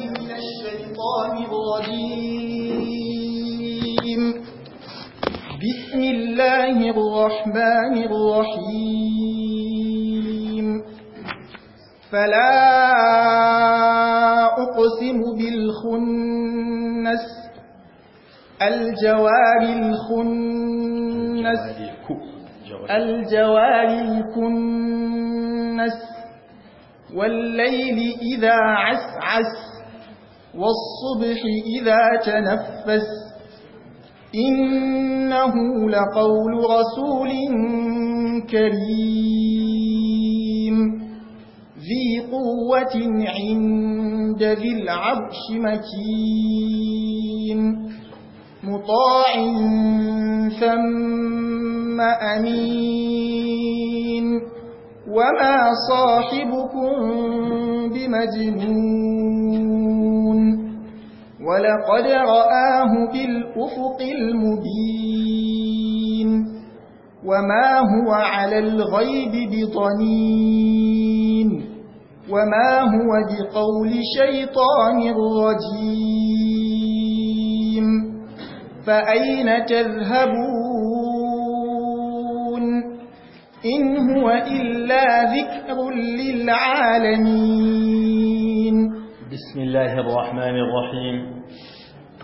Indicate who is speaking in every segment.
Speaker 1: من الشيطان الرجيم بسم الله الرحمن الرحيم فلا أقسم بالخنس الجوار الخنس الجوار الكنس والليل إذا عسعس والصبح إذا تنفس إنه لقول رسول كريم ذي قوة عند ذي العرش مكين مطاع ثم أمين وما صاحبكم بمجنون ولقد رآه بالأفق المبين وما هو على الغيب بضنين وما هو بقول شيطان رجيم فأين تذهبون إن هو إلا ذكر للعالمين بسم
Speaker 2: الله الرحمن الرحيم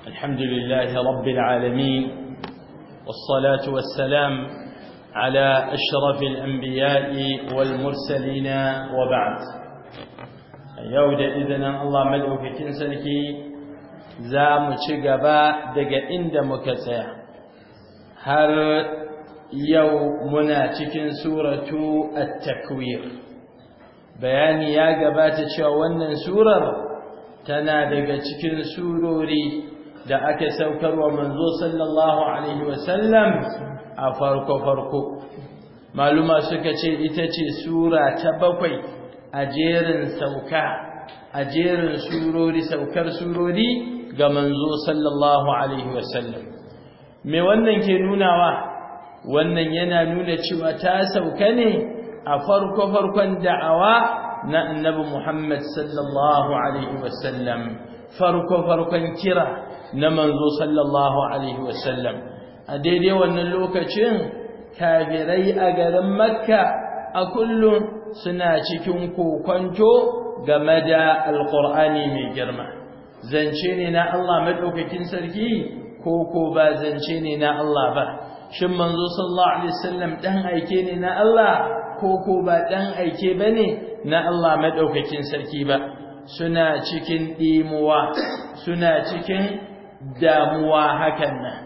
Speaker 2: الحمد لله رب العالمين والصلاة والسلام على أشرف الأنبياء والمرسلين وبعد يود إذن الله في تنسلك زام شقبا دقا إند مكسع هر يومنا تكن سورة التكوير بياني يا gabata شو wannan سورة tana daga cikin surori da aka saukarwa manzo sallallahu alaihi wasallam a farko farko maluma suka ce ita ce sura ta bakwai a jerin sauka a jerin surori saukar surori ga manzo sallallahu alaihi wasallam me wannan ke nunawa wannan yana nuna cewa ta sauka ne a farko farkon da'awa na annabi Muhammad sallallahu alaihi wasallam farko farkon kira na manzo sallallahu alaihi wasallam a daidai wannan lokacin kafirai a garin Makka a kullum suna cikin kokwanto game da alqur'ani mai girma zance ne na Allah madaukakin sarki ko ko ba zance ne na Allah ba shin manzo sallallahu alaihi wasallam dan aike ne na Allah ko ko ba dan aike bane na Allah madaukakin sarki ba suna cikin dimuwa suna cikin damuwa hakan nan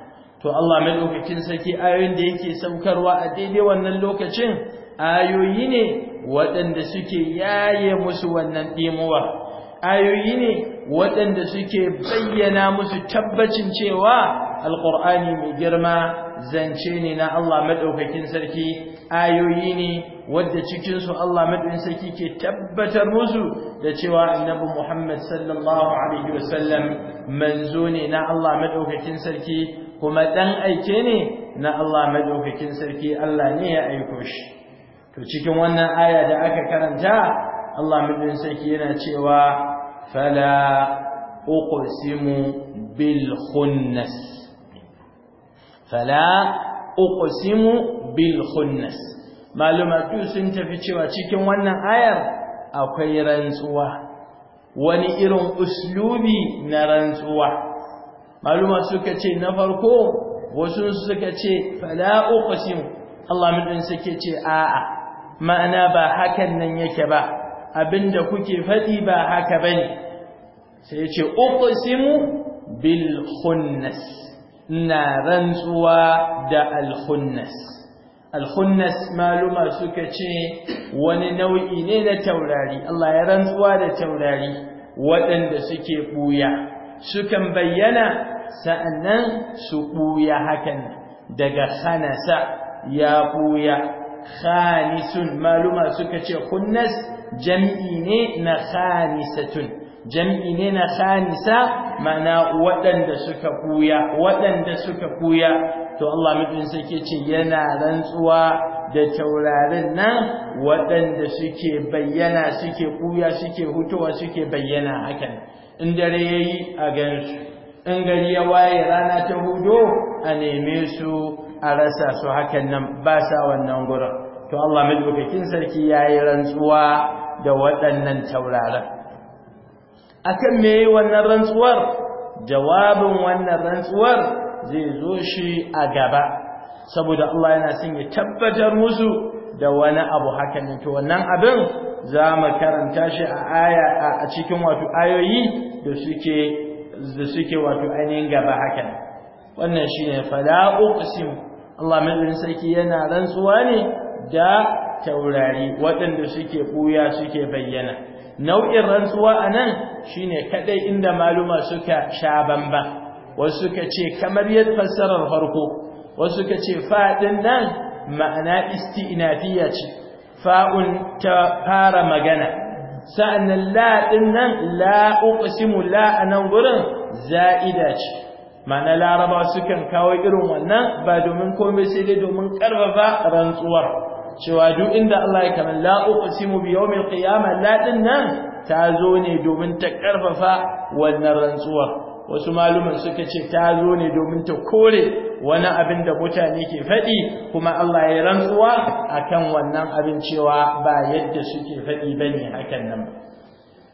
Speaker 2: to Allah madaukakin sarki ayoyin da yake saukarwa a daidai wannan lokacin ayoyi ne waɗanda suke yaye musu wannan dimuwa ayoyi ne waɗanda suke bayyana musu tabbacin cewa alqur'ani mai girma zance ne na Allah maɗaukakin sarki ayoyi ne wadda cikinsu Allah madaukakin sarki ke tabbatar musu da cewa annabi Muhammad sallallahu alaihi wasallam manzo ne na Allah maɗaukakin sarki kuma ɗan aike ne na Allah maɗaukakin sarki Allah ne ya aiko shi to cikin wannan aya da aka karanta Allah madaukakin sarki yana cewa fala uqsimu bil khunnas fala uqsimu bil khunnas malumatu sun tafi cewa cikin wannan ayar akwai rantsuwa wani irin uslubi na rantsuwa maluma suka ce na farko wasu suka ce fala ukusimu. Allah mun suke ce a'a ma'ana ba hakan nan yake ba abinda kuke faɗi ba haka bane sai ya ce uqsimu bil khunnas na rantsuwa da alhunnas alhunnas maluma suka ce wani nau'i ne na taurari Allah ya rantsuwa da taurari waɗanda suke ɓuya sukan bayyana sa'annan su ɓuya hakan daga khanasa ya ɓuya khanisun maluma suka ce hunnas jam'i ne na khanisatun jam'i ne na khanisa mana waɗanda suka kuya waɗanda suka kuya to Allah mutum sake ce yana rantsuwa da taurarin nan waɗanda suke bayyana suke kuya suke hutuwa suke bayyana hakan in dare yayi a gansu in gari ya waye rana ta hudo a neme su a rasa su hakan nan ba sa wannan gurin to Allah kin sarki yayi rantsuwa da waɗannan taurarin akan me wannan rantsuwar jawabin wannan rantsuwar zai zo shi a gaba saboda Allah yana son ya tabbatar musu da wani abu hakan ne to wannan abin za mu karanta shi a aya a cikin wato ayoyi da suke da suke wato ainihin gaba hakan wannan shine fala uqsim Allah mai sarki yana rantsuwa ne da taurari waɗanda suke ɓuya suke bayyana nau'in rantsuwa anan shine kadai inda maluma suka sha bamba wasu suka ce kamar yadda fassarar farko wasu suka ce fa'din nan ma'ana isti'nafiyya ce fa'un ta fara magana sa'annan la din nan la uqsimu la anan gurin za'ida ce ma'ana laraba sukan kawo irin wannan ba domin komai sai dai domin karfafa rantsuwar cewa duk inda Allah ya kaman la uqsimu bi yawmil qiyamah la din nan ta zo ne domin ta karfafa wannan rantsuwa wasu maluman suka ce ta zo ne domin ta kore wani abin da mutane ke faɗi kuma Allah ya rantsuwa akan wannan abin cewa ba yadda suke faɗi bane hakan nan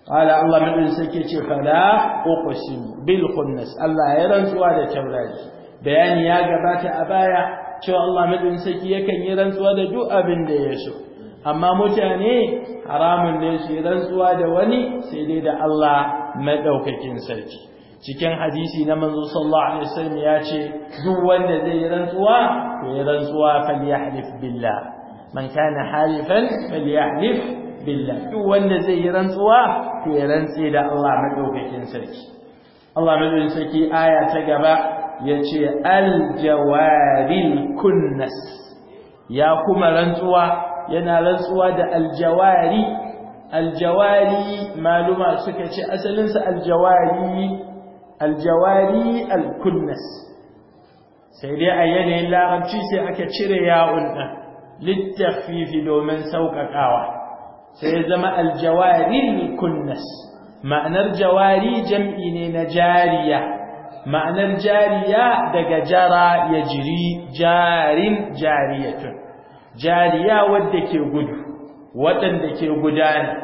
Speaker 2: قال الله من سكيتي فلا أقسم بالخنس الله يرنسوا هذا التوراة بيان يا جبات أبايا cewa Allah madin saki yakan yi rantsuwa da duk abin da ya so amma mutane haramun ne su yi rantsuwa da wani sai dai da Allah madaukakin sarki cikin hadisi na manzo sallallahu alaihi wasallam ya ce duk wanda zai yi rantsuwa to yi rantsuwa falyahlif billah man kana halifan falyahlif billah duk wanda zai yi rantsuwa to yi rantsi da Allah madaukakin sarki Allah madaukakin sarki aya ta gaba ya ce aljawarin kunnas ya kuma rantsuwa yana rantsuwa da aljawari aljawari maluma suka ce asalinsa aljawari aljawari alkunnas sai dai a yanayin larabci sai aka cire yawon ɗan littafifi domin sauƙaƙawa sai ya zama aljawari kunnas ma'anar jawari jam'i ne na jariya ma'anar jariya daga jara ya jiri jarin jariyatun jariya wadda ke gudu waɗanda ke gudana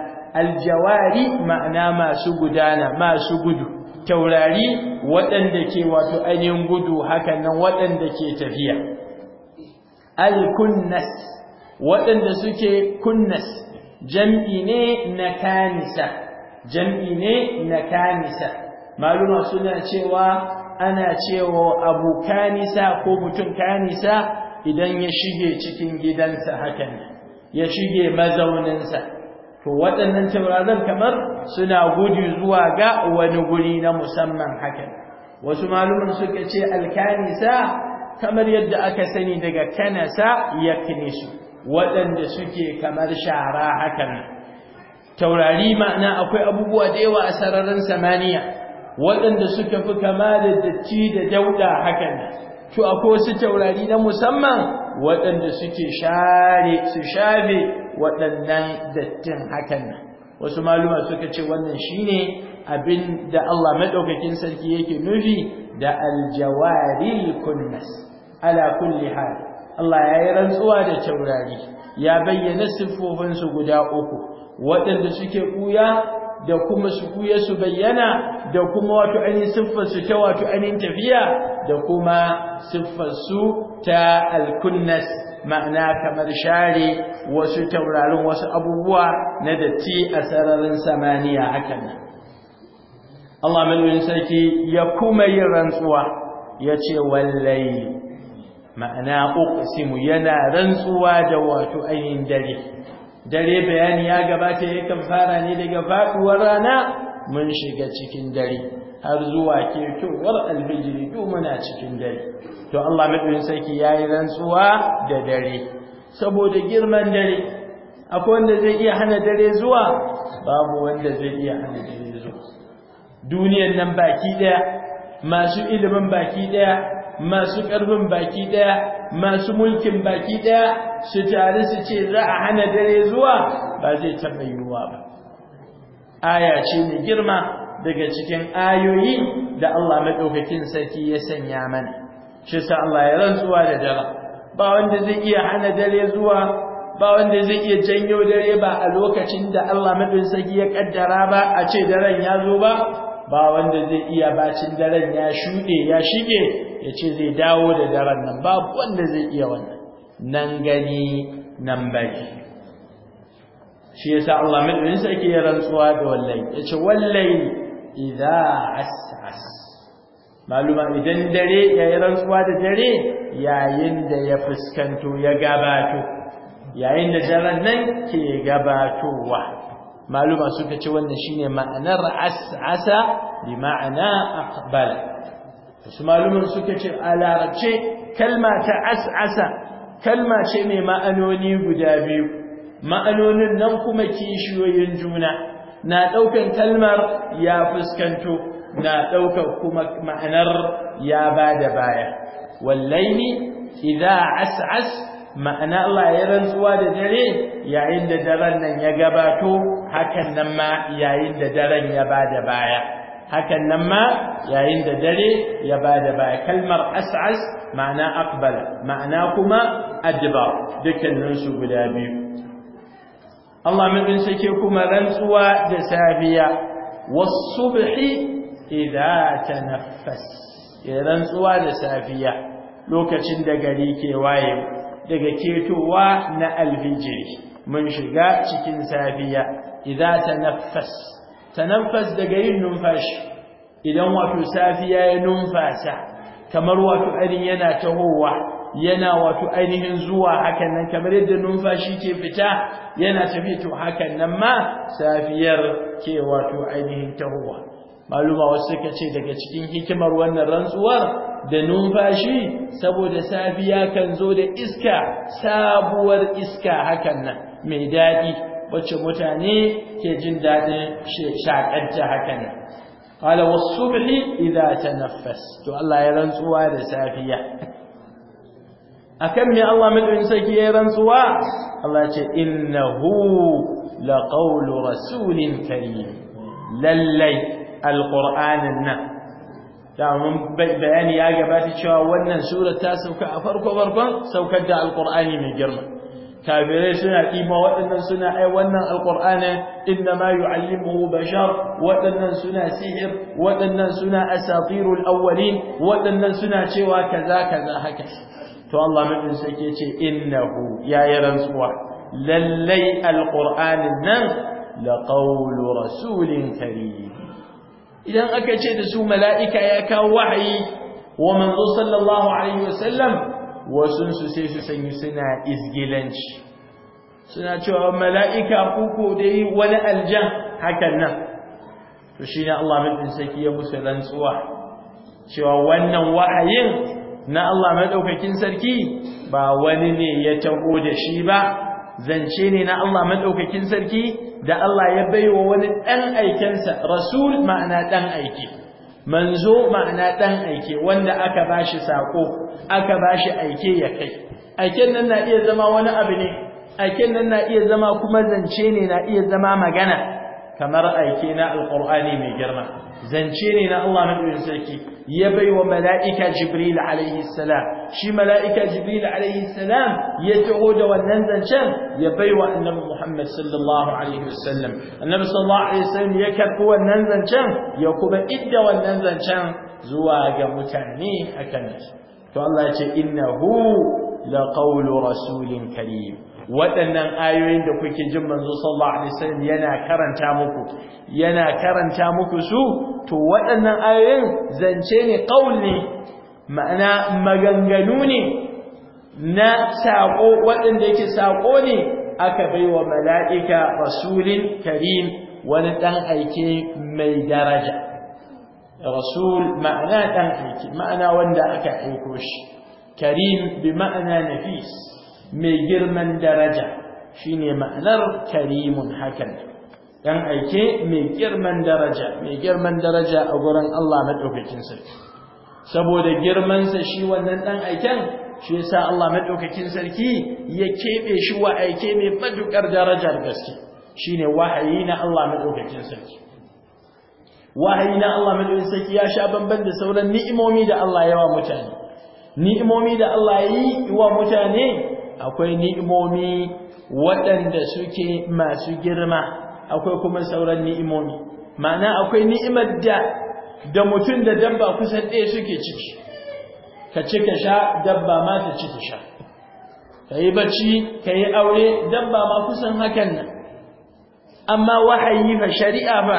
Speaker 2: aljawari ma'ana masu gudana masu gudu taurari waɗanda ke wato ainihin gudu hakan nan waɗanda ke tafiya alkunnas waɗanda suke kunnas jam'i ne na kanisa jam'i ne na kanisa maluma suna cewa ana cewa abu kanisa ko mutum kanisa idan ya shige cikin gidansa hakan ya shige mazauninsa to waɗannan taurarin kamar suna gudu zuwa ga wani guri na musamman hakan wasu maluman suka ce alkanisa kamar yadda aka sani daga kanasa ya kinisu waɗanda suke kamar shara hakan taurari ma'ana akwai abubuwa da yawa a sararin samaniya waɗanda suka fi kama da datti da dauda hakan to akwai wasu taurari na musamman waɗanda suke share su shafe waɗannan dattin hakan wasu maluma suka ce wannan shine abin da Allah madaukakin sarki yake nufi da aljawaril kunnas ala kulli hal Allah ya yi rantsuwa da taurari ya bayyana siffofinsu guda uku waɗanda suke ɓuya da kuma shukuye su bayyana da kuma wato ainihin siffar su ta wato ainihin tafiya da kuma siffar su ta alkunnas ma'ana kamar share wasu taurarin wasu abubuwa na datti a sararin samaniya hakan nan Allah mulkin sarki ya kuma yin rantsuwa ce wallahi ma'ana uqsimu yana rantsuwa da wato ainihin dare dare bayani ya gabata yakan fara ne daga faduwar rana mun shiga cikin dare har zuwa ke kekewar alfijiri duk muna cikin dare to Allah madaukakin sarki yayi rantsuwa da dare saboda girman dare akwai wanda zai iya hana dare zuwa babu wanda zai iya hana dare zuwa duniyar nan baki daya masu ilimin baki daya masu ƙarfin baki ɗaya masu mulkin baki ɗaya su tare su ce za a hana dare zuwa ba zai taɓa yiwuwa ba aya ce mai girma daga cikin ayoyi da Allah maɗaukakin sarki ya sanya mana shi sa Allah ya rantsuwa da dare ba wanda zai iya hana dare zuwa ba wanda zai iya janyo dare ba a lokacin da Allah madaukakin sarki ya ƙaddara ba a ce daren ya zo ba ba wanda zai iya bacin daren ya shuɗe ya shige Yace zai dawo da daren nan babu wanda zai iya wannan nan gani nan bari shi yasa Allah madaukakin ke ya rantsuwa da wallahi ya ce wallahi idza as'as maluma idan dare ya yi rantsuwa da dare yayin da ya fuskanto ya gabato yayin da daren nan ke gabatowa maluma suka ce wannan shine ma'anar as'asa bi ma'ana aqbala Wasu malumin suka ce a larabce kalma ta as'asa kalma ce mai ma'anoni guda biyu ma'anonin nan kuma kishiyoyin juna na ɗaukan kalmar ya fuskanto na ɗaukan kuma ma'anar ya ba da baya wallaini idza as'as ma'ana Allah ya rantsuwa da dare yayin da daren nan ya gabato hakan nan ma yayin da daren ya ba da baya hakan nan ma yayin da dare ya ba baya kalmar as'as ma'ana akbar, ma'ana kuma adba dukkanin su guda biyu Allah madin sake kuma rantsuwa da safiya was-subhi idza tanaffas ya rantsuwa da safiya lokacin da gari ke waye daga ketowa na alfijiri mun shiga cikin safiya idza tanaffas tanafas daga yin numfashi idan wato safiya ya numfasa kamar wato ainihin yana tahowa yana wato ainihin zuwa hakan nan kamar yadda numfashi ke fita yana tafi to hakan nan ma safiyar ke wato ainihin tahowa maluma wasu suka ce daga cikin hikimar wannan rantsuwar da numfashi saboda safiya kan zo da iska sabuwar iska hakan nan mai daɗi wacce mutane ke jin daɗin shaƙanta haka ne qala was idan ta nafas, to Allah ya rantsuwa da safiya akan me Allah madaukin sarki ya rantsuwa Allah ce la laqawlu rasulin karim lallai alqur'anin nan da bayani ya gabata cewa wannan sura ta sauka a farko farkon saukar da alqur'ani mai girma kafirai suna kima waɗannan suna ai wannan alqur'ana inna ma yu'allimuhu bashar waɗannan suna sihir waɗannan suna asatirul awwalin waɗannan suna cewa kaza kaza haka to Allah madin sai ke ce innahu ya yi rantsuwa lallai alqur'anin nan laqawlu rasulin karim idan aka ce da su mala'ika ya kawo wahayi wa manzo sallallahu alaihi Sallam. wasunsu sai su sanyi suna izgilanci suna cewa mala'ika da dai wani aljan hakan nan to shi ne Allah maɗin saki ya musu rantsuwa cewa wannan wa'ayin na Allah maɗaukakin sarki ba wani ne ya taho da shi ba zance ne na Allah maɗaukakin sarki da Allah ya baiwa wani ɗan aikensa rasul ma'ana ɗan aiki manzo ma'ana dan aike wanda aka bashi sako aka bashi aike ya kai aiken nan na iya zama wani abu ne aiken nan na iya zama kuma zance ne na iya zama magana kamar aike na alqur'ani mai girma zance ne na Allah madaukakin sarki ya bai wa mala'ika Jibril alaihi salam shi mala'ika Jibril alaihi salam ya taho da wannan zancen ya bai wa annabi Muhammad sallallahu alaihi annabi sallallahu alaihi ya karɓi wannan zancen ya kuma idda wannan zancen zuwa ga mutane akan to Allah ya ce innahu laqawlu rasulin karim waɗannan ayoyin da kuke jin manzo sallallahu alaihi wasallam yana karanta muku yana karanta muku su to waɗannan ayoyin zance ne qauli ma'ana maganganu ne na sako waɗanda yake sako ne aka bai wa mala'ika rasulin karim wani dan aike mai daraja rasul ma'ana dan aike ma'ana wanda aka aiko shi karim bi ma'ana nafis mai girman daraja shine ma'anar karimun hakan dan aike mai girman daraja mai girman daraja a gurin Allah madaukakin sarki saboda girman sa shi wannan dan aiken shi yasa Allah madaukakin sarki ya kebe shi wa aike mai fadukar darajar gaske shine wahayi na Allah madaukakin sarki wahayi na Allah madaukakin sarki ya sha banban da sauran ni'imomi da Allah ya wa mutane ni'imomi da Allah ya yi wa mutane akwai ni'imomi waɗanda suke masu girma akwai kuma sauran ni'imomi ma'ana akwai ni'imar da da mutum da dabba kusan ɗaya suke ciki ka ci ka sha dabba ma ta ci ta sha ka yi bacci ka yi aure dabba ma kusan hakan nan amma wahayi fa shari'a ba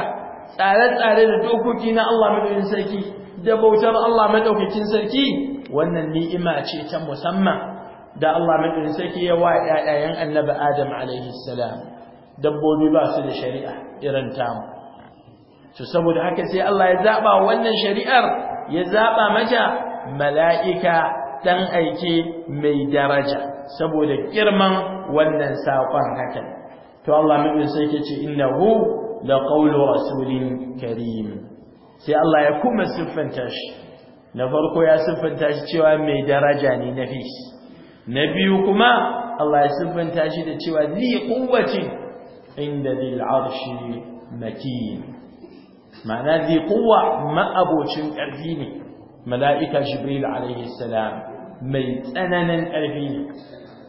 Speaker 2: tsare-tsare da dokoki na Allah madaukakin sarki da bautar Allah madaukakin sarki wannan ni'ima ce ta musamman da Allah mai sarki ya wa ƴaƴayen Annabi Adam alaihi salam dabbobi ba su da shari'a irin tamu to saboda haka sai Allah ya zaba wannan shari'ar ya zaba mata mala'ika dan aike mai daraja saboda girman wannan sakon haka to Allah mai sarki ce innahu laqawlu rasulin karim sai Allah ya kuma siffanta shi na farko ya siffanta shi cewa mai daraja ne nafis na biyu kuma Allah ya siffanta shi da cewa zi quwwatin inda zil arshi makin ma'ana zi quwwa ma'abocin ƙarfi ne mala'ika jibril alaihi mai tsananin ƙarfi ne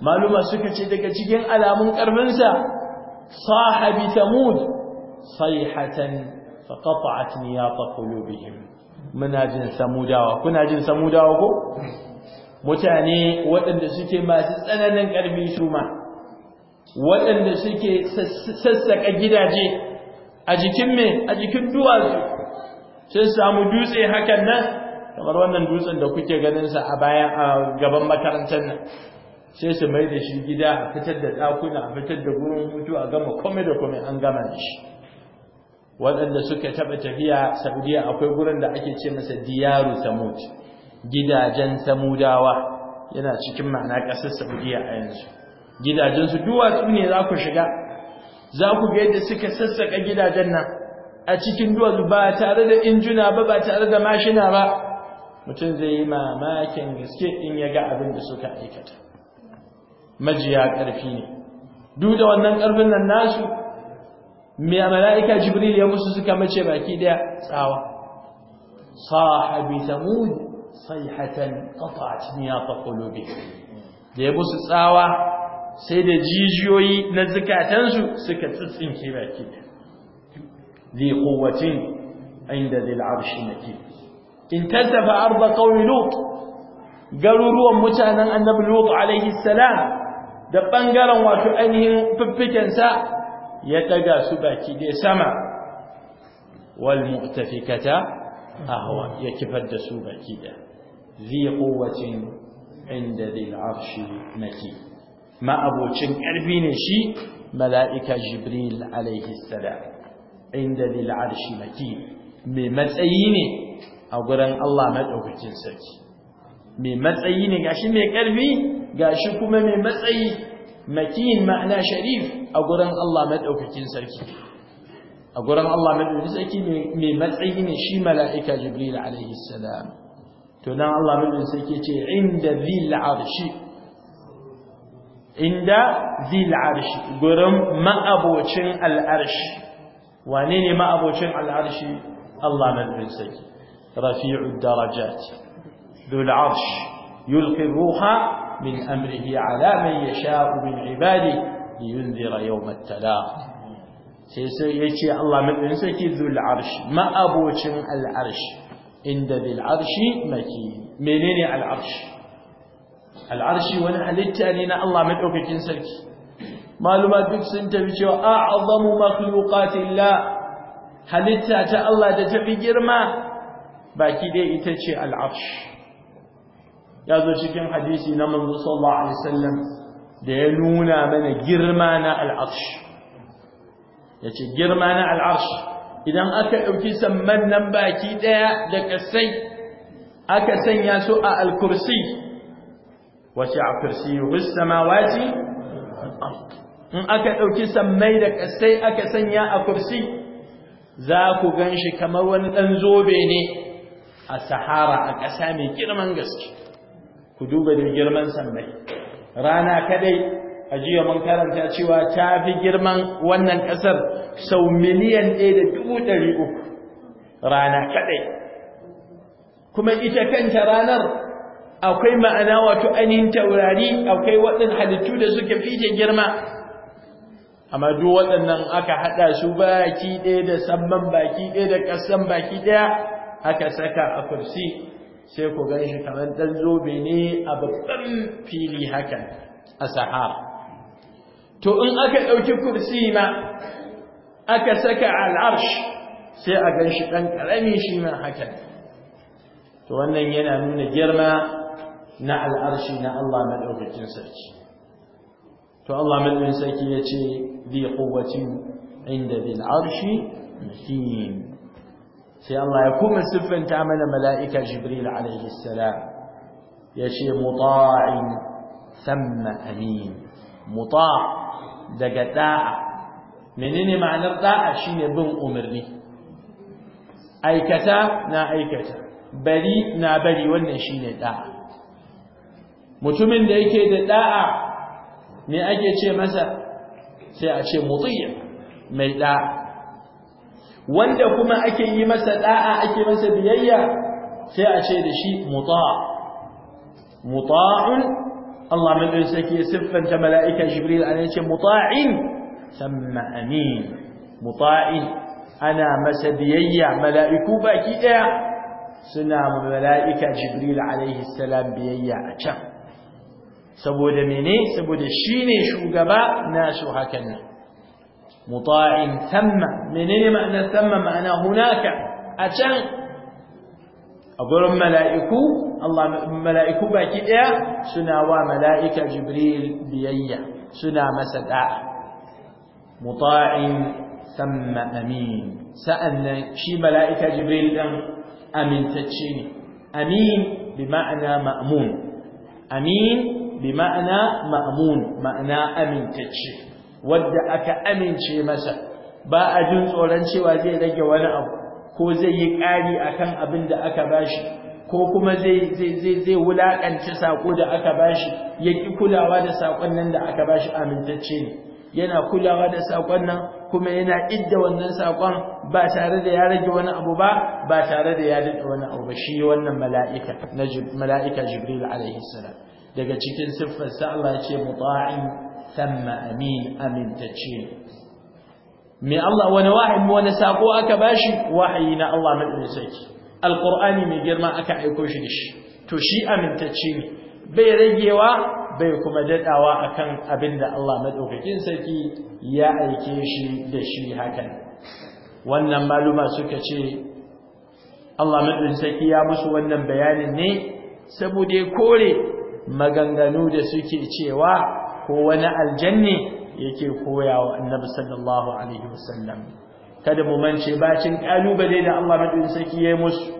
Speaker 2: maluma suka ce daga cikin alamun ƙarfinsa sahabi tamud sayhatan faqata'at niyata qulubihim muna jin samudawa kuna jin samudawa ko mutane waɗanda suke masu tsananin ƙarfi su ma, waɗanda suke sassaƙa gidaje a jikin me a jikin duwatsu sun samu dutse hakan nan kamar wannan dutsen da kuke ganin sa a bayan a gaban makarantar nan sai su mai da shi gida a fitar da ɗakuna a fitar da gurin hutu a gama komai da komai an gama da shi waɗanda suka taɓa tafiya saudiya akwai gurin da ake ce masa diyaru mot. gidajen samudawa yana cikin ma'ana ƙasar saudiya a yanzu gidajensu duwatsu ne za ku shiga za ku ga yadda suka sassaka gidajen nan a cikin duwatsu ba tare da injuna ba ba tare da mashina ba mutum zai yi mamakin gaske in ya ga abin da suka aikata majiya ƙarfi ne duk da wannan ƙarfin nan nasu mai mala'ika jibril ya musu suka mace baki daya tsawa sahabi samud sayhatan qata'at niyafa qulubi da ya tsawa sai da jijiyoyi na zukatansu suka tsitsinke baki ذي قوة عند ذي العرش مكين in tadafa arda qaumi lut garuruwan mutanen annabi lut alaihi salam da bangaren wato ainihin fiffiken sa ya daga su baki da sama wal muqtafikata ahwa ya kifar da su baki da ذي قوة عند ذي العرش مكين ما أبو تشن أربين شي ملائكة جبريل عليه السلام عند ذي العرش مكين mai matsayi ne a gurin Allah maɗaukakin sarki mai matsayi ne gashi mai ƙarfi gashi kuma mai matsayi makin ma'ana sharif a gurin Allah maɗaukakin sarki a gurin Allah maɗaukakin sarki mai matsayi ne shi mala'ika jibril alaihi salam تلام الله من سكتي عند ذي العرش عند ذي العرش قرم ما أبو تشن العرش وانيني ما أبو تشن العرش الله من سكتي رفيع الدرجات ذو العرش يلقي الروح من أمره على من يشاء من عباده لينذر يوم التلاق سيسيتي الله من سكتي ذو العرش ما أبو العرش inda bil arshi maki menene al arshi al arshi wani halitta ne na Allah madaukakin sarki maluma duk sun tafi cewa a'zamu makhluqatillah halitta ta Allah da tafi girma baki dai ita ce al ya zo cikin hadisi na manzo sallallahu alaihi wasallam da ya nuna mana girma na al yace girma na al idan aka ɗauki samman nan baki ɗaya da sai aka sanya su a alkursi wace a kursi rus samawati in aka ɗauki sammai da ƙasai aka sanya a kursi za ku gan shi kamar wani ɗan zobe ne a sahara a ƙasa mai girman gaske ku duba da girman sammai rana kadai a jiya mun karanta cewa ta fi girman wannan ƙasar sau miliyan ɗaya da dubu ɗari uku rana kaɗai kuma ita kanta ranar akwai ma'ana wato ainihin taurari akwai waɗin halittu da suka fi ta girma amma duk waɗannan aka haɗa su baki ɗaya da saman baki ɗaya da ƙasan baki ɗaya aka saka a kursi sai ku gan shi kamar ɗan zobe ne a babban fili hakan a sahara to in aka ɗauki kursi ma aka saka al'arsh
Speaker 1: sai a gan shi ɗan
Speaker 2: ƙarami shi ma haka to wannan yana nuna girma na al'arshi na Allah maɗaukakin sarki to Allah maɗaukakin sarki ya ce zai kowace inda zai al'arshi mutum sai Allah ya kuma siffanta mana mala'ika Jibril alaihi salam ya ce muta'in ثم أمين مطاع daga da'a menene ma'anar da'a shine bin umarni aikata na aikata bari na bari wannan shine da'a mutumin da yake da da'a me ake ce masa sai a ce mutiya mai da'a wanda kuma ake yi masa da'a ake masa biyayya sai a ce da shi muta muta'un Allah madin ya siffanta mala'ika Jibril an yace muta'in thumma amin muta'in ana masa biyayya mala'iku baki daya suna mala'ika Jibril alaihi salam biyayya a can saboda mene saboda shine shugaba na su hakan nan muta'in thumma menene thumma ma'ana hunaka a can a gurin mala'iku Allah mala'iku baki ɗaya? suna wa mala'ika jibril biyayya suna masa da'a muta'in thumma amin Sa'an nan shi mala'ika jibril din amintacce ne amin bi ma'ana ma'amun. amin bi ma'ana ma'amun. ma'ana amintacce Wadda aka amince masa ba a jin tsoron cewa zai rage wani abu ko zai yi ƙari a kan abin da aka ba shi, ko kuma zai zai saƙo da aka ba shi, ya ƙi kulawa da saƙon nan da aka ba shi amintacce ne yana kulawa da saƙon nan kuma yana idda wannan saƙon ba tare da ya rage wani abu ba ba tare da ya dade wani abu ba shi wannan mala'ika na mala'ika jibril alaihi salam daga cikin siffar sa Allah ya ce muta'in thumma amin amintacce me Allah wani wahayi wani sako aka bashi wahayi na Allah madin sarki Alƙur'ani mai girma aka aiko shi da shi to shi amintacce ne bai ragewa bai kuma kan akan abinda Allah madaukakin sarki ya aike shi da shi hakan wannan maluma suka ce Allah madin sarki ya musu wannan bayanin ne saboda ya kore maganganu da suke cewa ko wani aljanni yake koyawa annabi sallallahu alaihi wasallam kada mu mance bacin kalubale da Allah madin saki yayi musu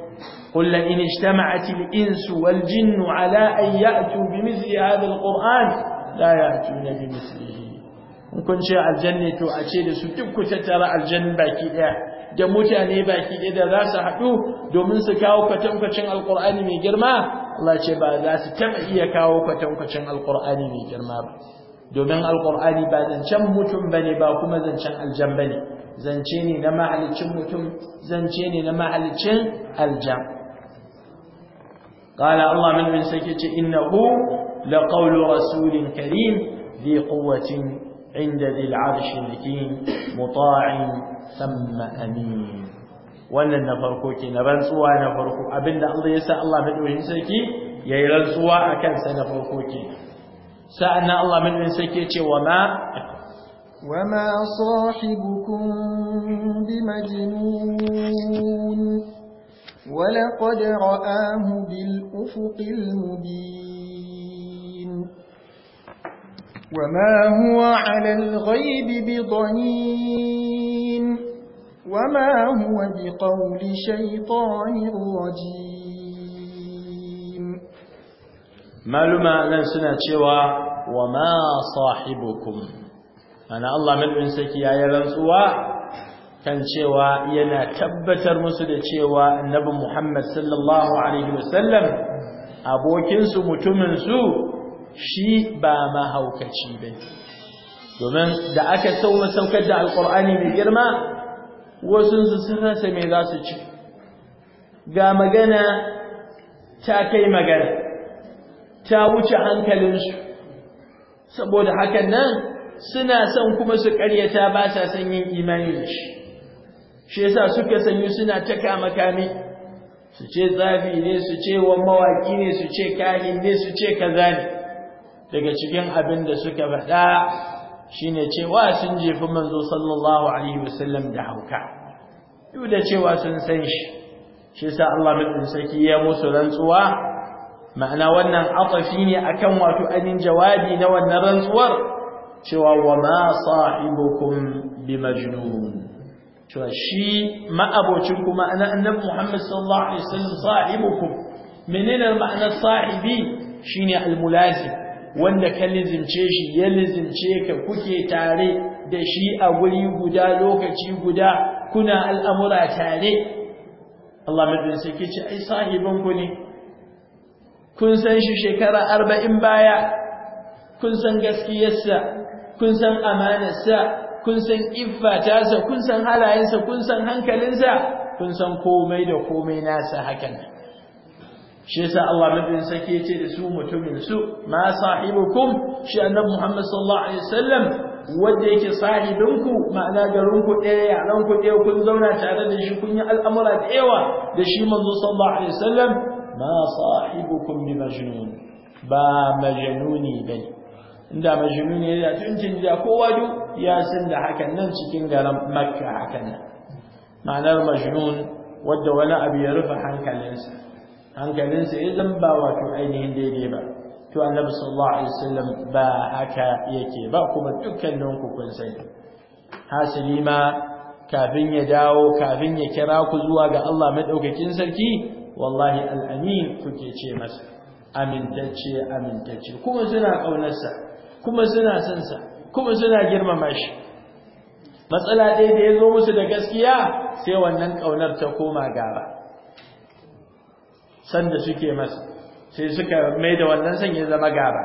Speaker 2: قل إن اجتمعت الإنس والجن على أن يأتوا بمثل هذا القرآن لا يأتون بمثله in kun ce aljanna to a ce da su duk ku tattara aljanna baki ɗaya da mutane baki ɗaya da za su haɗu domin su kawo kwatankwacin alkur'ani mai girma Allah ce ba za su taɓa iya kawo kwatankwacin alkur'ani mai girma ba domin alqur'ani ba zancen mutum bane ba kuma zancen aljan bane zance ne na mahalicin mutum zance ne na mahalicin aljan min الله من ce سكت إنه لقول رسول كريم ذي قوة عند ذي العرش المكين مطاع ثم أمين wannan na farko ke na rantsuwa na farko abinda Allah ya sa Allah madaukakin sarki yayi rantsuwa akan sa na farko ke sa'an الله من من sarki ya
Speaker 1: وما صاحبكم بمجنون ولقد رآه بالأفق المبين وما هو على الغيب بضنين وما هو بقول شيطان رجيم
Speaker 2: maluma nan suna cewa wa ma sahibukum ana Allah madin saki ya rantsuwa kan cewa yana tabbatar musu da cewa annabi Muhammad sallallahu alaihi wasallam abokin su mutumin su shi ba mahaukaci bane domin da aka sauna saukar da alqur'ani mai girma wasu sun rasa me za su ci ga magana ta kai magana ta wuce hankalinsu saboda hakan nan suna son kuma su ƙaryata ba sa son yin imani da shi shi yasa suka sanyi suna ta kama kame su ce zafi ne su ce wa mawaki ne su ce kahin ne su ce kaza ne daga cikin abin da suka faɗa shine cewa sun jefi manzo sallallahu alaihi wasallam da hauka
Speaker 1: duk da cewa sun
Speaker 2: san shi shi yasa Allah mutum saki ya musu rantsuwa ma'ana wannan atafi ne akan wato anin jawabi na wannan rantsuwar cewa wa ma sahibukum bimajnun cewa shi ma'abocin kuma ana annabi Muhammad sallallahu alaihi wasallam sahibukum menene ma'anar sahibi shine almulazim wanda ka lizimce shi ya lizimce ka kuke tare da shi a guri guda lokaci guda kuna al'amura tare Allah madin sai ke ce ai sahiban ne kun san shi shekara arba'in baya kun san gaskiyarsa kun san amanarsa kun san iffatarsa kun san halayensa kun san hankalinsa kun san komai da komai nasa hakan nan shi yasa Allah mabin sake ce da su mutumin su ma sahibukum shi annabi Muhammad sallallahu alaihi wasallam wanda yake sahibinku ma'ana garinku ɗaya yaran ku ɗaya kun zauna tare da shi kun yi al'amura da yawa da shi manzo sallallahu alaihi wasallam ma sahibukum bi majnun ba majnuni bane inda majnuni ya tuntun da kowa duk ya san da hakan nan cikin garin makka hakan nan ma'anar majnun wadda wani abu ya rufe hankalinsa hankalinsa ya zamba wato ainihin daidai ba to annabi sallallahu alaihi wasallam ba haka yake ba kuma dukkanin ku kun sani hasali ma kafin ya dawo kafin ya kira ku zuwa ga Allah madaukakin sarki wallahi al'amin kuke ce masa amintacce amintacce kuma suna ƙaunarsa kuma suna son kuma suna girmama shi matsala ɗaya da ya zo musu da gaskiya sai wannan ƙaunar ta koma gaba sanda suke masa sai suka mai da wannan son ya zama gaba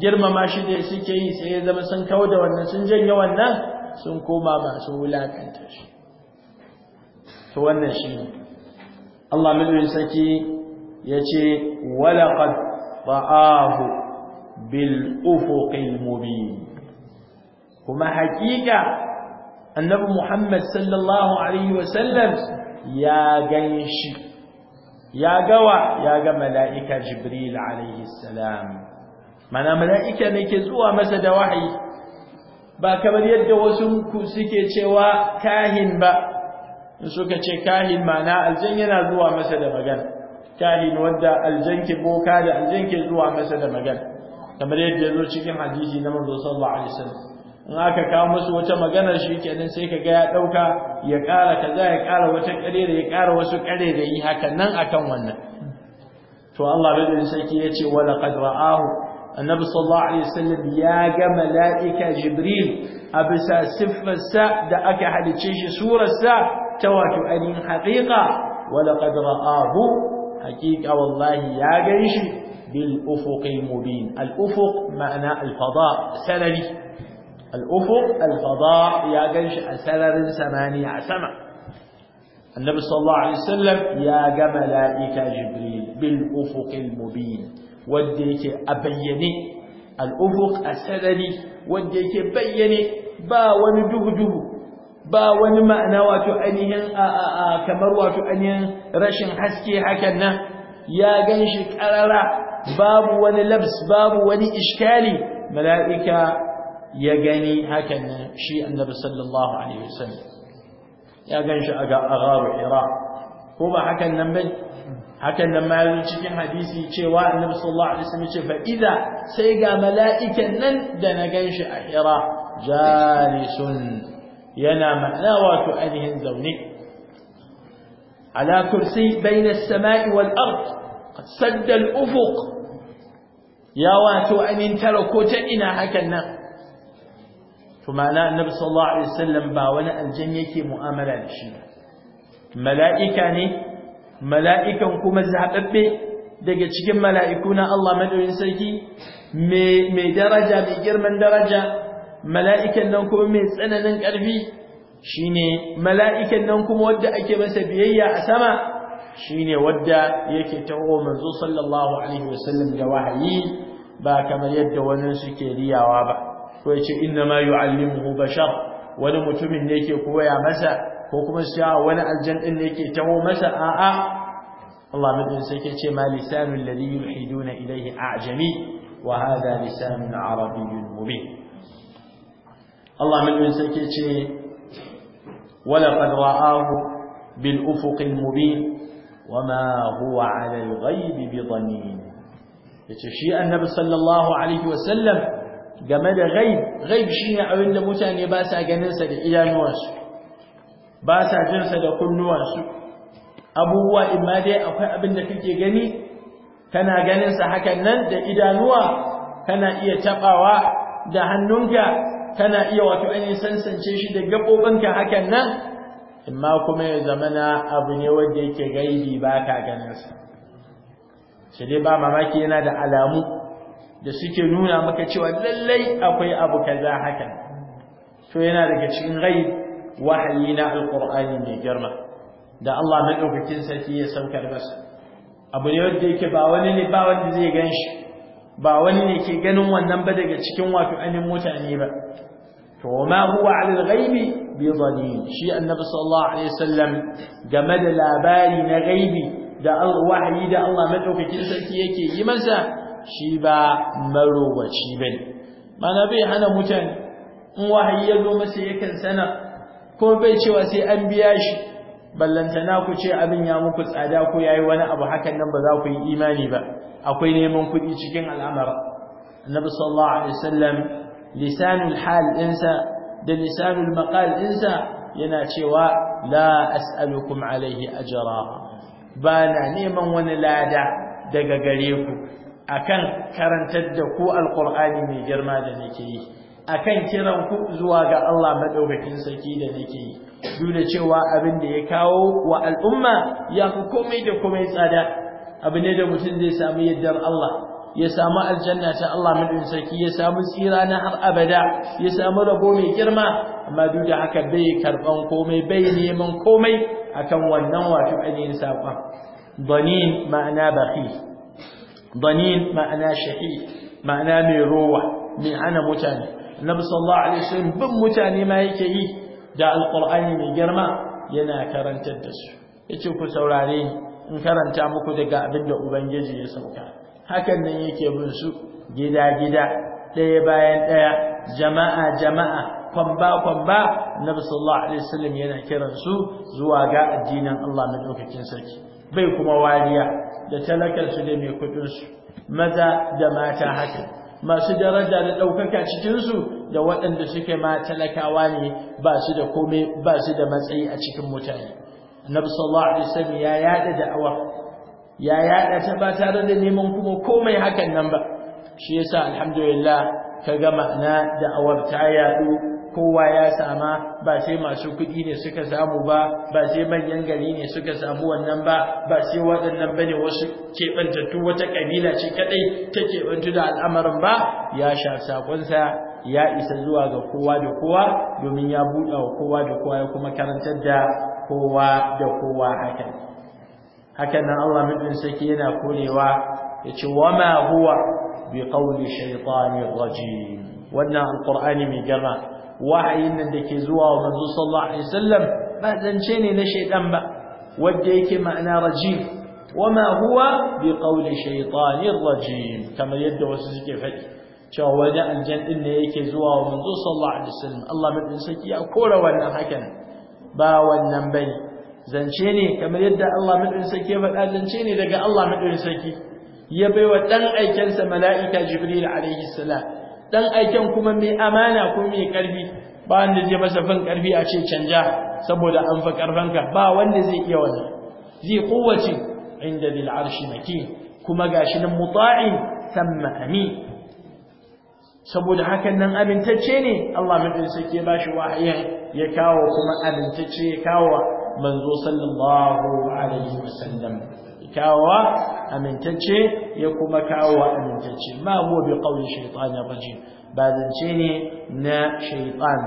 Speaker 2: girmama shi da suke yi sai ya zama sun kawo da wannan sun janye wannan sun koma masu wulakanta shi to wannan shi ne Allah mai saki ya ce walaƙad ba'ahu bil ufuqil mubin kuma haƙiƙa annabi Muhammad sallallahu alaihi wasallam ya ganshi ya gawa ya ga mala'ika Jibril alaihi salam mana mala'ika ne ke zuwa masa da wahayi ba kamar yadda wasu suke cewa kahin ba in suka ce kahin mana aljan yana zuwa masa da magana kahin wanda aljan ke boka da aljan ke zuwa masa da magana kamar yadda ya zo cikin hadisi na manzo sallallahu alaihi wasallam in aka kawo musu wata maganar shi kenan sai ka ga ya dauka ya ƙara kaza ya ƙara wata ƙare da ya ƙara wasu ƙare da yi hakan nan akan wannan to Allah bai da sarki ya ce wa laqad ra'ahu annabi sallallahu alaihi wasallam ya ga mala'ika jibril a bisa siffarsa da aka halice shi surarsa ta wato ainihin haƙiƙa wala qad ra'ahu haƙiƙa wallahi ya gan shi bil ufuqil mubin al ufuq ma'ana al fada sarari al ufuq al fada ya gan shi a sararin samaniya a sama annabi sallallahu alaihi wasallam ya ga mala'ika jibril bil ufuqil mubin wanda yake a bayyane al ufuq as-sarari wanda yake bayyane ba wani duhu duhu ba wani ma'ana wato ainihin a kamar wato ainihin rashin haske hakan nan ya ganshi ƙarara, babu wani labs babu wani iskali mala'ika ya gani hakan nan shi annabi sallallahu alaihi wasallam ya ganshi a garu hira ko ba hakan nan bane hakan nan ma yazo cikin hadisi cewa annabi sallallahu alaihi wasallam ce fa idza sai ga mala'ikan nan da na ganshi a hira jalisun yana ma'ana wato ainihin zaune ala kursi bayna as-sama'i wal ard qad sadda al-ufuq ya wato ainihin tara ko ta ina hakan nan to ma'ana annabi sallallahu alaihi wasallam ba wani aljan yake mu'amala da shi mala'ika ne mala'ikan kuma zababbe daga cikin mala'iku na Allah madaukakin sarki mai daraja mai girman daraja mala'ikan nan kuma mai tsananin ƙarfi ne. mala'ikan nan kuma wadda ake masa biyayya a sama shine wadda yake taho manzo sallallahu alaihi wasallam da wahayi ba kamar yadda wani suke riyawa ba ko yace inna ma yu'allimuhu bashar wani mutumin ne yake koya masa ko kuma sha wani aljan din ne ke taho masa a'a Allah madin sai yake ce ma lisanul Hiduna, yulhiduna ilayhi a'jami wa hadha lisanin arabiyyun mubin Allah madawin sarki ce walaqad ra'ahu bil ufuqil mubin wama huwa 'ala al-ghaib bidanin yace shi annabi sallallahu alaihi sallam game da ghaib ghaib shine abin da mutane ba sa ganin sa da idanuwansu ba sa jin sa da su. abubuwa imma dai akwai abin da kake gani kana ganin sa hakan nan da idanuwa kana iya tabawa da hannunka Tana iya wato ainihin sansance shi da gaɓoɓinka hakan nan amma kuma ya zamana abu ne wanda yake gaibi ba ka ganinsa shi dai ba mamaki yana da alamu da suke nuna maka cewa lallai akwai abu kaza hakan to yana daga cikin rai wahayi na alqur'ani mai girma da Allah madaukakin sarki ya saukar masa abu ne wanda yake ba wani ne ba wanda zai ganshi ba wani ne ke ganin wannan ba daga cikin wato anin mutane ba to ma huwa ala ghaibi bi dhanin shi annabi sallallahu alaihi wasallam game da labari na ghaibi da wahayi da Allah madaukakin sarki yake yi masa shi ba marowaci bane mana bai hana mutane in wahayi ya zo masa yakan sana ko bai cewa sai an biya shi ballantana ku ce abin ya muku tsada ko yayi wani abu hakan nan ba za ku yi imani ba akwai neman kuɗi cikin al'amara annabi sallallahu alaihi wasallam lisanul hal insa da lisanul maqal insa yana cewa la as'alukum alaihi ajra ba na neman wani lada daga gare ku akan karantar da ku alqur'ani mai girma da nake yi akan kiran ku zuwa ga Allah madaukakin sarki da nake yi dole cewa abin da ya kawo wa al'umma ya fi komai da komai tsada abu ne da mutum zai samu yaddar Allah ya samu aljanna ta Allah madin sarki ya samu tsira na har abada ya samu rabo mai girma amma duk da haka bai karban komai bai neman komai akan wannan wato ainihin saƙon danin ma'ana baqi danin ma'ana shahi ma'ana mai rowa mai hana mutane annabi sallallahu alaihi wasallam bin mutane ma yake yi da alqur'ani mai girma yana karantar da su yace ku saurare ni in karanta muku daga abin da ubangiji ya sauka hakan nan yake bin su gida gida ɗaya bayan ɗaya jama'a jama'a kwamba kwamba nabi sallallahu alaihi wasallam yana kiran su zuwa ga addinin Allah na madaukakin sarki bai kuma wariya da talakar su da mai kudin su maza da mata haka masu daraja da ɗaukaka su da waɗanda suke ma talakawa ne ba su da komai ba su da matsayi a cikin mutane Nabi sallallahu alaihi wasallam ya yada da'awa ya yada ta ba tare da neman kuma komai hakan nan ba shi yasa alhamdulillah ka ga ma'ana da'awar ta yadu kowa ya sama ba sai masu kuɗi ne suka samu ba ba sai manyan gari ne suka samu wannan ba ba sai waɗannan bane wasu keɓantattu wata ƙabila ce kaɗai ta keɓantu da al'amarin ba ya sha sakonsa ya isa zuwa ga kowa da kowa domin ya buɗa wa kowa da kowa ya kuma karantar da kowa da kowa haka hakan nan Allah mutum saki yana kurewa, ya korewa yace wama huwa biqawli shaytanir rajim wannan alqur'ani mai girma wahayin nan dake zuwa wa manzo sallallahu alaihi wasallam ba zance ne na shaytan ba wanda yake ma'ana rajim wa wama huwa biqawli shaytanir rajim kamar yadda wasu suke faɗi cewa wajen aljan din ne yake zuwa wa manzo sallallahu alaihi wasallam Allah mutum saki ya kora wannan hakan ba wannan bane zance ne kamar yadda Allah madaukakin sarki ya faɗa zance ne daga Allah madaukakin sarki ya baiwa dan aikensa mala'ika jibril alaihi salam dan aiken kuma mai amana kuma mai karfi ba wanda zai masa fin karfi a ce canja saboda an fa karfanka ba wanda zai iya wannan zai kowace inda bil arshi maki kuma gashi nan muta'in thumma amin saboda hakan nan amintacce ne Allah madaukakin sarki ya bashi wahayin ya kawo kuma amintacce ya kawo manzo sallallahu alaihi wasallam kawo amintacce ya kuma kawo amintacce ma huwa bi qawli shaytanir rajim ba zance ne na shaytan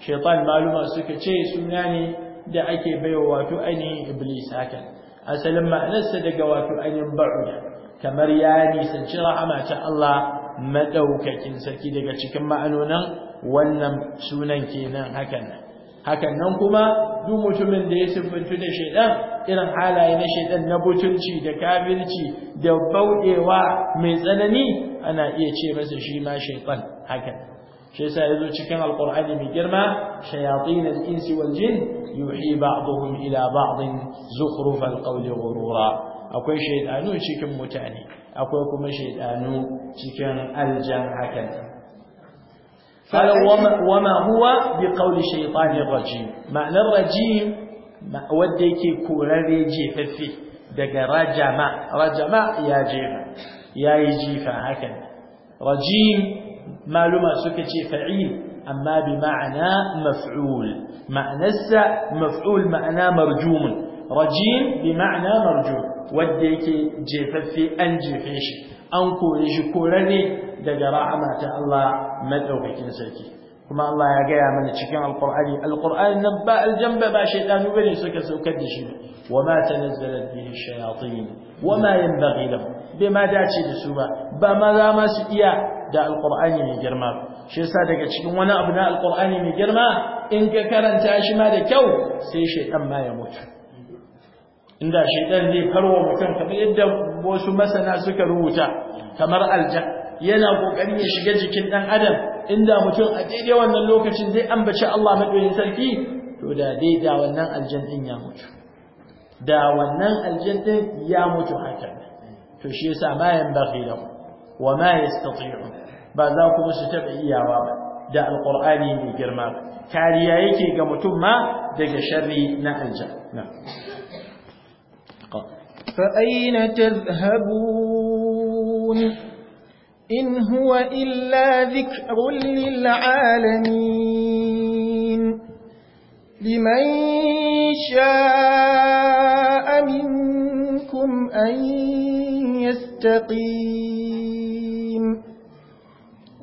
Speaker 2: shaytan maluma suka ce suna ne da ake baiwa wato ainihin iblis haka asalin ma'anarsa daga wato ainihin ba'uda kamar ya nisanci rahama ta Allah madaukakin sarki daga cikin ma'anonan wannan sunan kenan hakan hakan nan kuma duk mutumin da ya siffantu da shaidan irin halaye na shaidan na butunci da kafirci da bauɗewa mai tsanani ana iya ce masa shi ma shaitan hakan shi yasa yazo cikin alqur'ani mai girma shayatin al-insi wal jin yuhi ba'dhum ila ba'd zukhruf al-qawli ghurura akwai shaidanu cikin mutane akwai kuma shaidanu جيكان الجن هكذا قال وما وما هو بقول الشيطان الرجيم معنى الرجيم ما وديك كوري جيففي دغ رجما رجما يا جيف يا يجيف هكذا رجيم معلومه سكتي فعيل اما بمعنى مفعول معنى الساء مفعول معنى مرجوم رجيم بمعنى مرجوم وديك جيففي انجفيش an kore shi korarre daga rahama ta Allah madaukakin sarki kuma Allah ya gaya mana cikin alqur'ani alqur'ani nan ba aljamba ba shaydanu bane suka saukar da shi wa ma tanazzalat bihi shayatin wa ma yanbaghi lahu bai ma dace da su ba ba ma za ma su iya da alqur'ani mai girma shi yasa daga cikin wani abu na alqur'ani mai girma in ka karanta shi ma da kyau sai shaydan ma ya mutu inda shaitan zai farwa mutum kamar yadda wasu masana suka rubuta kamar aljan yana kokarin ya shiga jikin dan adam inda mutum a daidai wannan lokacin zai ambaci Allah madaukakin sarki to da dai da wannan aljan din ya mutu da wannan aljan din ya mutu haka to shi yasa ma yan baki da wa ma yastati'u ba za kuma su taba iyawa ba da alqur'ani mai girma kariya yake ga mutum ma daga sharri na aljan na'am
Speaker 1: فأين تذهبون إن هو إلا ذكر للعالمين لمن شاء منكم أن يستقيم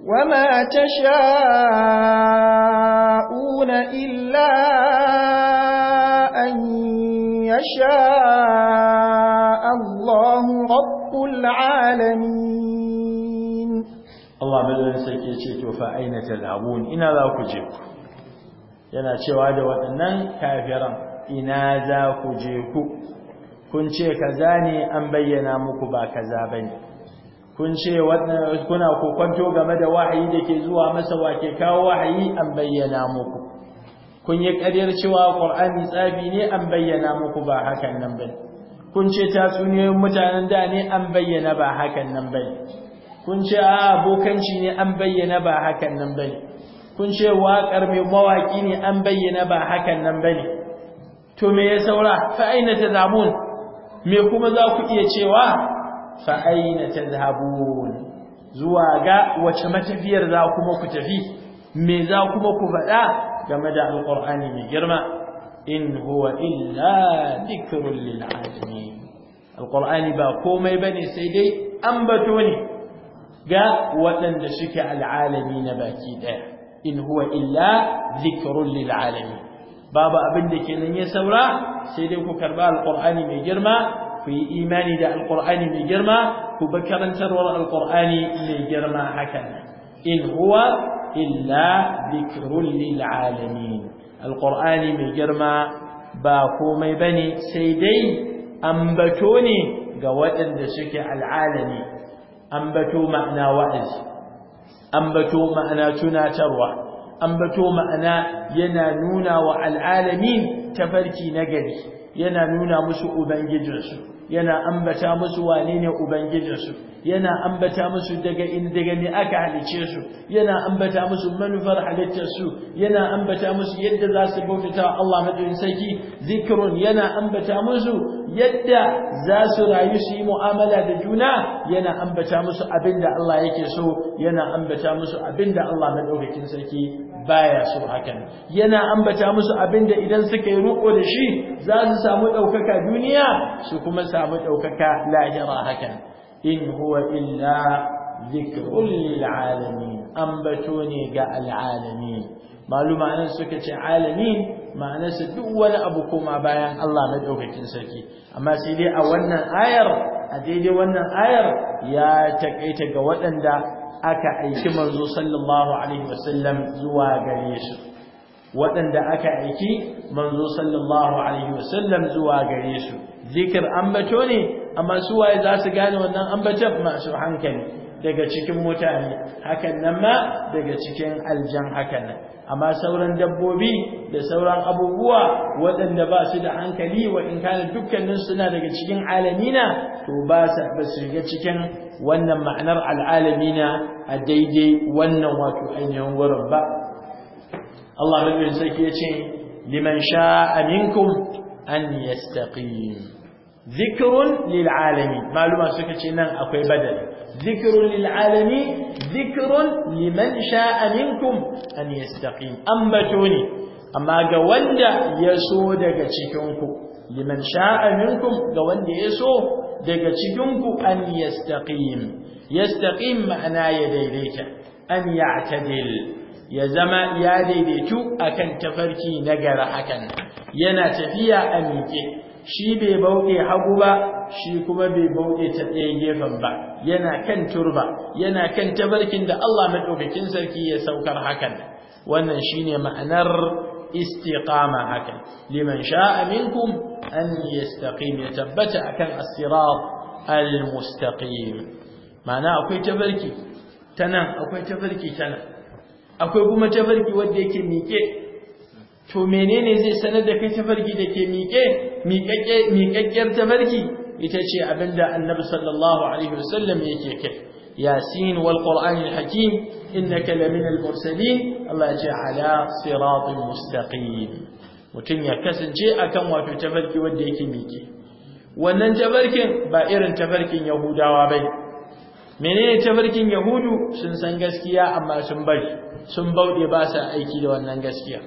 Speaker 1: وما تشاءون إلا شاء الله رب العالمين الله
Speaker 2: yana cewa da waɗannan kafiran ina za ku je ku kun ce kaza ne an bayyana muku ba kaza bane kun ce kuna kokwanto game da wahayi da ke zuwa masa wake kawo wahayi an bayyana muku kun yi ƙaryar cewa ƙur'ani tsabi ne an bayyana muku ba hakan nan ba kun ce tatsuniyoyin mutanen da ne an bayyana ba hakan nan ba kun ce a abokanci ne an bayyana ba hakan nan ba kun ce waƙar mai mawaƙi ne an bayyana ba hakan nan ba to me ya saura fa aina zamun?" me kuma za ku iya cewa fa aina tadhabun zuwa ga wace matafiyar za kuma ku tafi me za kuma ku faɗa game da Alƙur'ani mai girma in huwa illa dhikrun lil alamin ba komai bane sai dai ambato ne ga waɗanda suke al'alami na baki ɗaya in huwa illa dhikrun lil alamin babu abin da kenan ya saura sai dai ku karba Alƙur'ani mai girma ku yi imani da alqur'ani mai girma ku bi karantarwar Alƙur'ani mai girma hakan in huwa illa dhikrul lil alamin alqur'ani mai girma ba komai bane sai dai ambato ne ga waɗanda suke al'alami ambato ma'ana wa'azi ambato ma'ana tunatarwa ambato ma'ana yana nuna wa al'alamin na gari. yana nuna musu ubangijinsu yana ambata musu wane ne ubangijinsu yana ambata musu daga in daga ne aka halice su yana ambata musu manufar halittar su yana ambata musu yadda za su bautata Allah madaukakin sarki zikrun yana ambata musu yadda za su rayu su yi mu'amala da juna yana ambata musu abinda Allah yake so yana ambata musu abinda Allah madaukakin sarki baya so hakan yana ambata musu abinda idan suka yi ruko da shi za su samu ɗaukaka duniya su kuma samu ɗaukaka lahira hakan in huwa illa dhikrul lil alamin ambato ne ga alamin maluma nan suka ce alamin ma'anarsa duk wani abu koma bayan Allah na ɗaukakin sarki amma sai dai a wannan ayar a daidai wannan ayar ya takaita ga waɗanda aka aiki manzo sallallahu alaihi wasallam zuwa gare su waɗanda aka aiki manzo sallallahu alaihi wasallam zuwa gare su zikir ambato ne amma su waye za su gane wannan ambaton masu hankali daga cikin mutane hakan nan ma daga cikin aljan hakan nan amma sauran dabbobi da sauran abubuwa waɗanda ba su da hankali wa in kana dukkanin suna daga cikin alamina to ba su ba su shiga cikin wannan ma'anar al'alamina a daidai wannan wato ainihin wurin ba Allah rubin sarki ya ce liman sha'a minkum an yastaqim zikrun lil alami, maluma suka ce nan akwai badal ذكر للعالمين ذكر لمن شاء منكم أن يستقيم أما توني أما قولد يسو دك تشكنكو لمن شاء منكم قولد يسو دك تشكنكو أن يستقيم يستقيم معنى يديك أن يعتدل ya zama ya daidaitu akan tafarki na gara hakan yana tafiya a miƙe shi bai bauke hagu ba shi kuma bai bauke ta ɗaya gefen ba yana kan turba yana kan tabarkin da Allah madaukakin sarki ya saukar hakan wannan shine ma'anar istiqama hakan liman sha'a minkum an yastaqim ya tabbata akan as-sirat al-mustaqim ma'ana akwai tabarki tana akwai tabarki tana akwai kuma tabarki wanda yake miƙe to menene zai sanar da kai tabarki da ke miƙe miƙaƙƙiyar tafarki ita ce abinda annabi sallallahu alaihi wasallam yake kai yasin wal qur'anil hakim innaka laminal mursalin Allah ya ce ala siratin mustaqim mutum ya kasance akan wato tafarki wanda yake miƙe wannan tafarkin ba irin tafarkin yahudawa bai menene tafarkin yahudu sun san gaskiya amma sun bari sun bauɗe ba sa aiki da wannan gaskiya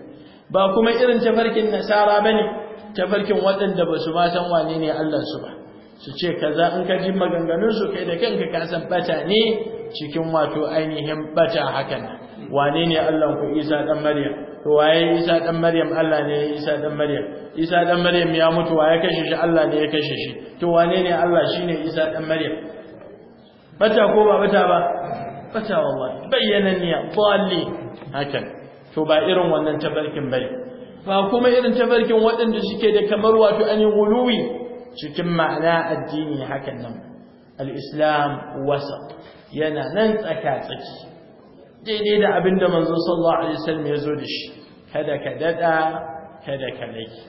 Speaker 2: ba kuma irin tafarkin nasara bane tafarkin waɗanda ba su ma san wane ne Allah su ba su ce kaza in ka ji maganganun su kai da kanka ka san bata ne cikin wato ainihin bata haka na wane ne Allah ku Isa dan Maryam to waye Isa dan Maryam Allah ne Isa dan Maryam Isa dan Maryam ya mutu waye kashe shi Allah ne ya kashe shi to wane ne Allah shine Isa dan Maryam bata ko ba bata ba bata wallahi bayyananniya dalli hakan to ba irin wannan tabarkin bane ba kuma irin tafarkin waɗanda suke da kamar wato an guluwi cikin ma'ana addini hakan nan al-islam yana nan tsaka tsaki daidai da abin da manzo sallallahu alaihi wasallam ya zo da shi kada ka dada kada ka laki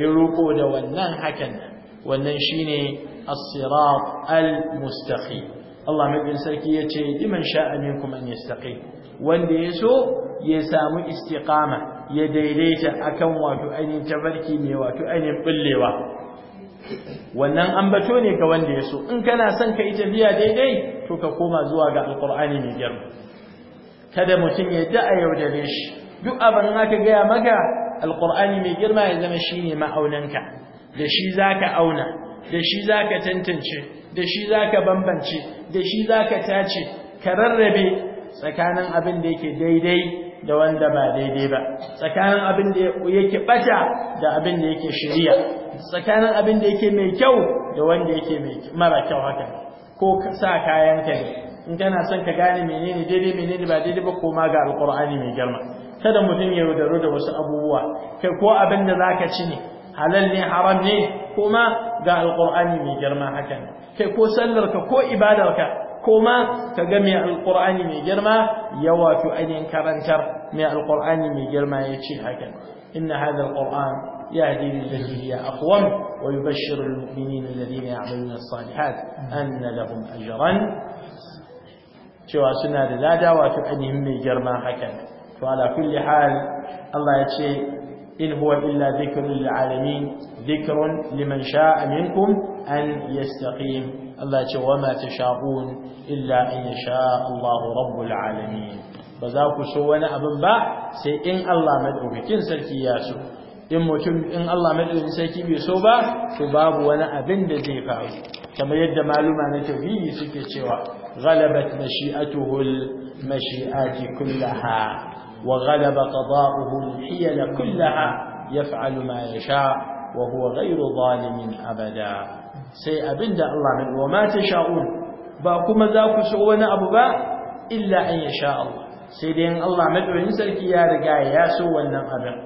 Speaker 2: yi roƙo da wannan hakan nan wannan shine as-sirat al-mustaqim Allah madin sarki yace liman sha'a minkum an yastaqim wanda ya so ya samu istiqama ya daidaita akan wato ainin tabarki ne wato ainin bullewa wannan ambato ne ga wanda ya so. in kana son ka yi tafiya daidai to ka koma zuwa ga alqur'ani mai girma kada mutum ya da'a yaudare shi duk abin aka gaya maka alqur'ani mai girma ya zama shine ma'aunanka da shi zaka auna da shi zaka tantance da shi za ka bambance da shi za ka tace ka rarrabe tsakanin abin da yake daidai da wanda ba daidai ba tsakanin abin da yake bata da abin da yake shari'a tsakanin abin da yake mai kyau da wanda yake mara kyau haka ko sa kayan ka ne in kana son ka gane menene daidai menene ba daidai ba ko ma ga alƙur'ani mai girma kada mutum ya yaudaro da wasu abubuwa kai ko abin da za ka ci ne halal ne haram ne kuma ga alqur'ani mai girma hakan kai ko sallarka ko ibadarka kuma ka ga mai alqur'ani mai girma ya wato ainihin karantar mai alqur'ani mai girma ya ce hakan inna hadha alqur'an يهدي للتي هي أقوم ويبشر المؤمنين الذين يعملون الصالحات أن لهم أجرا cewa suna da lada ta ainihin mai girma hakan to ala kulli hal Allah ya ce in huwa illa zikirun li'alami zikirun liman sha minkum an yastaqim Allah ya ce wa ma tashaqun illa an yasha Allah rabbul alamin baza ku so wani abin ba sai in Allah madaukakin sarki ya so in mutum in Allah madaukakin sarki bai so ba to babu wani abin da zai faru kamar yadda maluma na tauhidi suke cewa غلبت مشيئته المشيئات كلها وغلب قضاؤه الحيل كلها يفعل ما يشاء وهو غير abada. Sai abinda ابدا الله من وما تشاءون ba kuma za ku so wani abu ba illa an ya sai dai in Allah madawin sarki ya riga ya so wannan abin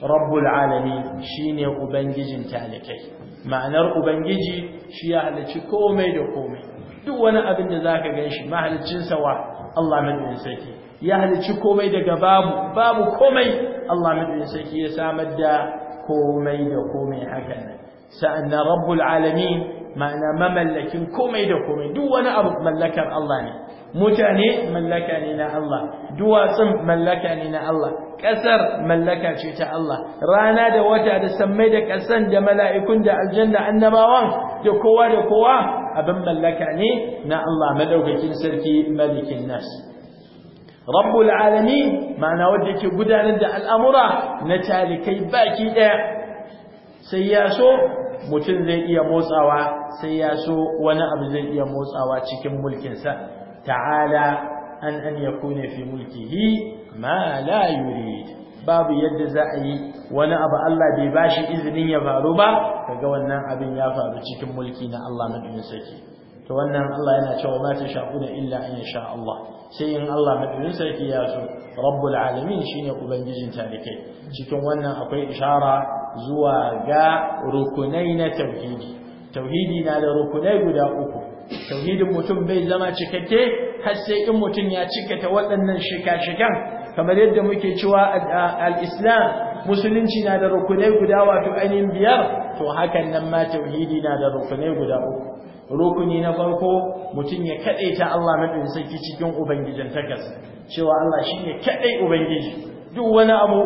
Speaker 2: rabbul alami shine ubangijin talikai ma'anar ubangiji shi ya halarci komai da komai duk wani abin da zaka gan shi mahalicin sawa Allah madawin sarki ya halici komai daga babu babu komai Allah madaukakin sarki ya samar da komai da komai haka nan sa'anna rabbul alamin ma'ana mamallakin komai da komai duk wani abu mallakar Allah ne mutane mallaka ne na Allah duwatsun mallaka ne na Allah ƙasar mallaka ce ta Allah rana da wata da sammai da ƙasan da mala'ikun da aljanna annabawan da kowa da kowa abin mallaka ne na Allah madaukakin sarki malikin nas rabbul alami ma'ana wanda yake gudanar da al'amura na talikai baki daya sai ya so mutum zai iya motsawa sai ya so wani abu zai iya motsawa cikin mulkinsa ta'ala an an yakuna fi mulkihi ma la yurid babu yadda za a yi wani abu Allah bai bashi izinin ya faru ba kaga wannan abin ya faru cikin mulki na Allah madin sake to wannan Allah yana cewa ma ta sha'una illa an yasha Allah sai in Allah madadin sarki ya so rabbul alamin shine ubangijin talikai cikin wannan akwai ishara zuwa ga rukunai na tauhidi tauhidi na da rukunai guda uku tauhidin mutum bai zama cikakke har sai in mutum ya cikata waɗannan shika-shikan kamar yadda muke cewa al-islam musulunci na da rukunai guda wato ainihin biyar to hakan nan ma tauhidi na da rukunai guda uku rukuni na farko mutum ya ta Allah madin sarki cikin ubangijin takas cewa Allah shine kadai ubangiji duk wani abu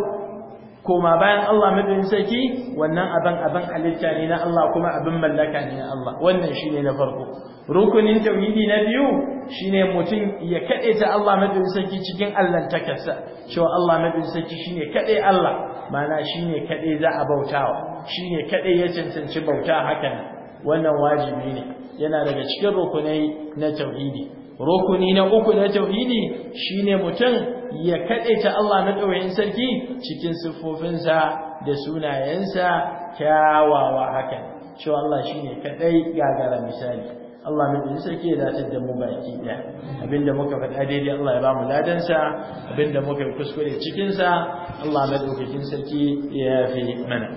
Speaker 2: koma bayan Allah madin sarki wannan aban aban halitta ne na Allah kuma abin mallaka ne na Allah wannan shine na farko rukunin tauhidi na biyu shine mutum ya ta Allah madin sarki cikin Allah takas cewa Allah madin sarki shine kadai Allah mana shine kadai za a bautawa shine kadai ya cancanci bauta hakan wannan wajibi ne yana daga cikin rukunai na tauhidi rukuni na uku na tauhidi shine mutum ya kadaita Allah na dawayin sarki cikin sifofinsa da sunayensa kyawawa hakan cewa Allah shine kadai gagara misali Allah mai sarki ya dace da mu baki ɗaya abinda muka faɗa daidai Allah ya bamu ladansa abinda muka yi kuskure cikinsa Allah mai sarki ya fi mana